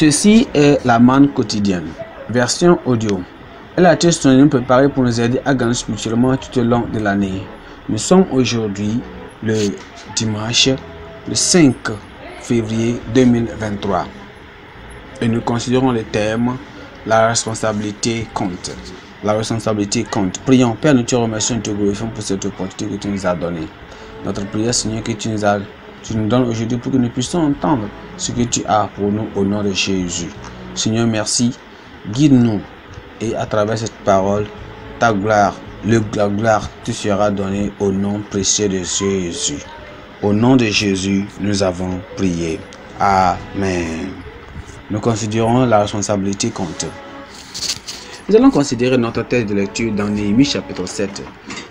Ceci est la manne quotidienne, version audio. Elle a été préparée pour nous aider à gagner spirituellement tout au long de l'année. Nous sommes aujourd'hui le dimanche le 5 février 2023 et nous considérons le thème La responsabilité compte. La responsabilité compte. Prions, Père, nous te remercions et te glorifions pour cette opportunité que tu nous as donnée. Notre prière, Seigneur, que tu nous as tu nous donnes aujourd'hui pour que nous puissions entendre ce que tu as pour nous au nom de Jésus. Seigneur, merci. Guide-nous et à travers cette parole, ta gloire, le, gloire tu seras donnée au nom précieux de Jésus. Au nom de Jésus, nous avons prié. Amen. Nous considérons la responsabilité compte. Nous allons considérer notre thèse de lecture dans Néhémie chapitre 7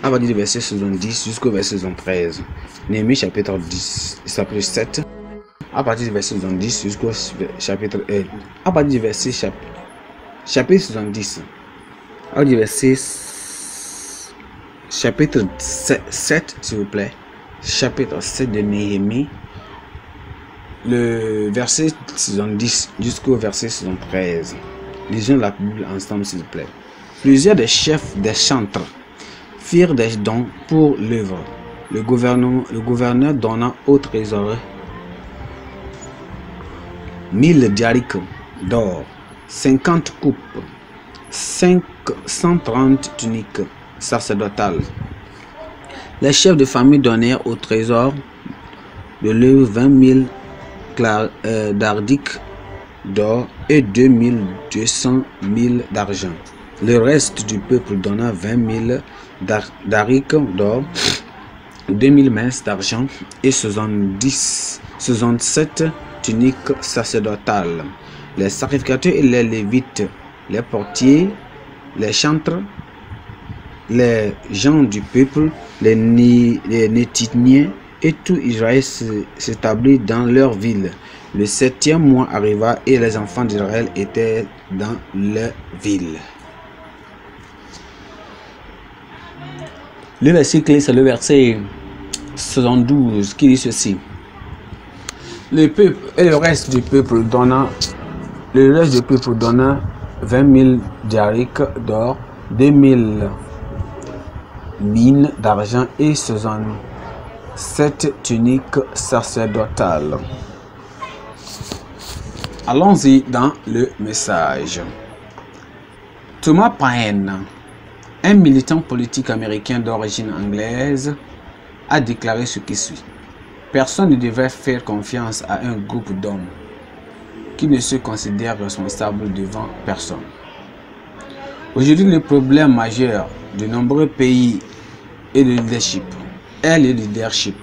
à partir du verset 70 jusqu'au verset 73. Néhémie chapitre 10, chapitre 7, à partir du verset 70 jusqu'au chapitre 1. à partir du verset chapitre 70, à partir du verset chapitre 7, s'il vous plaît, chapitre 7 de Néhémie, le verset 70 jusqu'au verset 73. Lisons la Bible ensemble s'il vous plaît. Plusieurs des chefs des chantres firent des dons pour l'œuvre, le, le gouverneur donna au trésor 1000 diariques d'or, 50 coupes, 530 tuniques sacerdotales. Les chefs de famille donnèrent au trésor de l'œuvre 20 000 d'ardiques d'or et 200 000 d'argent. Le reste du peuple donna 20 000 d'Arik d'or, 2000 minces d'argent et soixante 67 tuniques sacerdotales. Les sacrificateurs et les lévites, les portiers, les chantres, les gens du peuple, les, Né, et tout Israël s'établit dans leur ville. Le septième mois arriva et les enfants d'Israël étaient dans leur ville. Le verset clé, c'est le verset 72 qui dit ceci. Le peuple et le reste du peuple donna, le reste du peuple donna 20 000 diariques d'or, 2 000 mines d'argent et 7 tuniques sacerdotales. Allons-y dans le message. Thomas Paine un militant politique américain d'origine anglaise a déclaré ce qui suit. Personne ne devrait faire confiance à un groupe d'hommes qui ne se considèrent responsables devant personne. Aujourd'hui, le problème majeur de nombreux pays est le leadership. Est le leadership.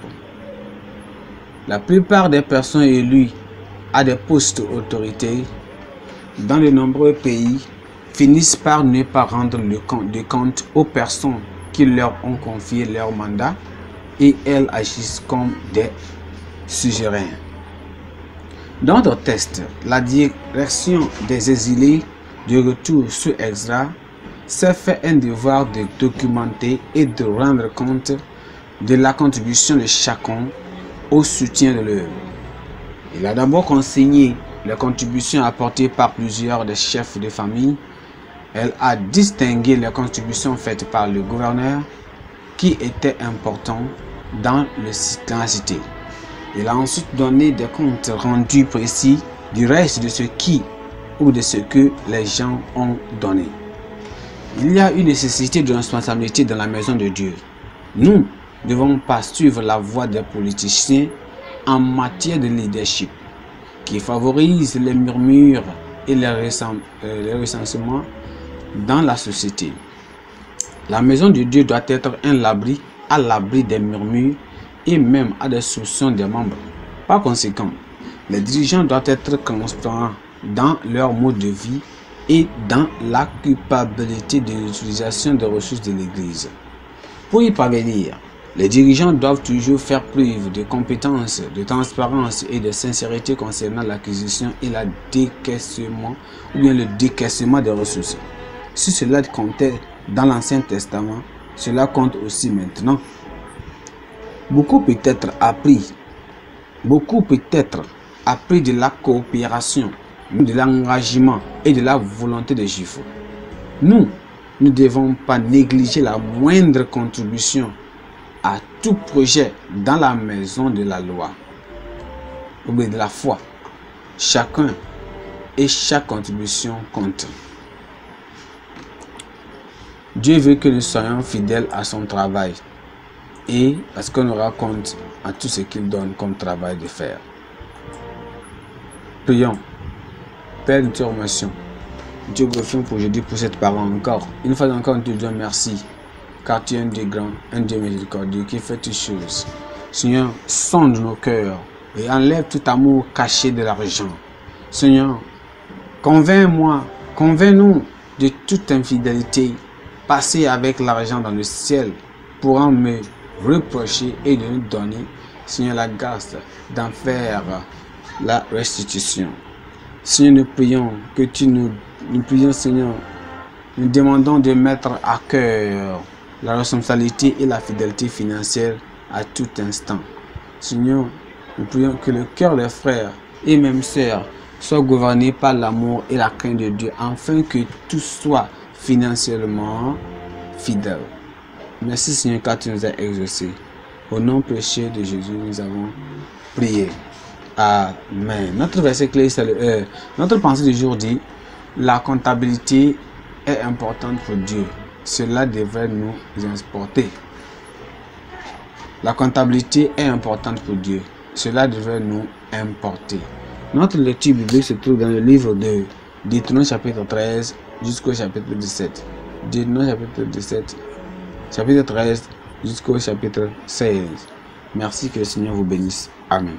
La plupart des personnes élues à des postes d'autorité dans de nombreux pays finissent par ne pas rendre le compte, de compte aux personnes qui leur ont confié leur mandat et elles agissent comme des suzerains. Dans notre texte, la direction des exilés de retour sur Exra s'est fait un devoir de documenter et de rendre compte de la contribution de chacun au soutien de l'œuvre. Il a d'abord consigné la contribution apportée par plusieurs des chefs de famille elle a distingué les contributions faites par le gouverneur qui étaient importantes dans, le, la cité. Elle a ensuite donné des comptes rendus précis du reste de ce qui ou de ce que les gens ont donné. Il y a une nécessité de responsabilité dans la maison de Dieu. Nous ne devons pas suivre la voie des politiciens en matière de leadership qui favorise les murmures et les euh, recensements dans la société. La maison de Dieu doit être un abri à l'abri des murmures et même à des soupçons des membres. Par conséquent, les dirigeants doivent être constants dans leur mode de vie et dans la culpabilité de l'utilisation des ressources de l'Église. Pour y parvenir, les dirigeants doivent toujours faire preuve de compétence, de transparence et de sincérité concernant l'acquisition et la décaissement ou bien le décaissement des ressources. Si cela comptait dans l'Ancien Testament, cela compte aussi maintenant. Beaucoup peut-être appris, beaucoup peut-être appris de la coopération, de l'engagement et de la volonté de Juifs. Nous, nous ne devons pas négliger la moindre contribution à tout projet dans la maison de la loi ou de la foi. Chacun et chaque contribution compte. Dieu veut que nous soyons fidèles à son travail et à ce qu'on nous raconte à tout ce qu'il donne comme travail de faire. Prions. Père, nous te remercions. Dieu, pour aujourd'hui pour cette parole encore. Une fois encore, nous te disons merci, car tu es un Dieu grand, un Dieu miséricordieux qui fait toutes choses. Seigneur, sonde nos cœurs et enlève tout amour caché de l'argent. Seigneur, convainc-moi, convainc-nous de toute infidélité passer avec l'argent dans le ciel pour en me reprocher et de nous donner, Seigneur, la grâce d'en faire la restitution. Seigneur, nous prions que tu nous, nous prions, Seigneur, nous demandons de mettre à cœur la responsabilité et la fidélité financière à tout instant. Seigneur, nous prions que le cœur des frères et même sœurs soit gouverné par l'amour et la crainte de Dieu, afin que tout soit financièrement fidèle. Merci Seigneur car tu nous as exaucés. Au nom précieux de Jésus, nous avons prié. Amen. Notre verset clé, c'est le euh, Notre pensée du jour dit La comptabilité est importante pour Dieu. Cela devrait nous importer. La comptabilité est importante pour Dieu. Cela devrait nous importer. Notre lecture biblique se trouve dans le livre de Deutéronome chapitre 13 jusqu'au chapitre 17. de chapitre 17, chapitre 13 jusqu'au chapitre 16. Merci que le Seigneur vous bénisse. Amen.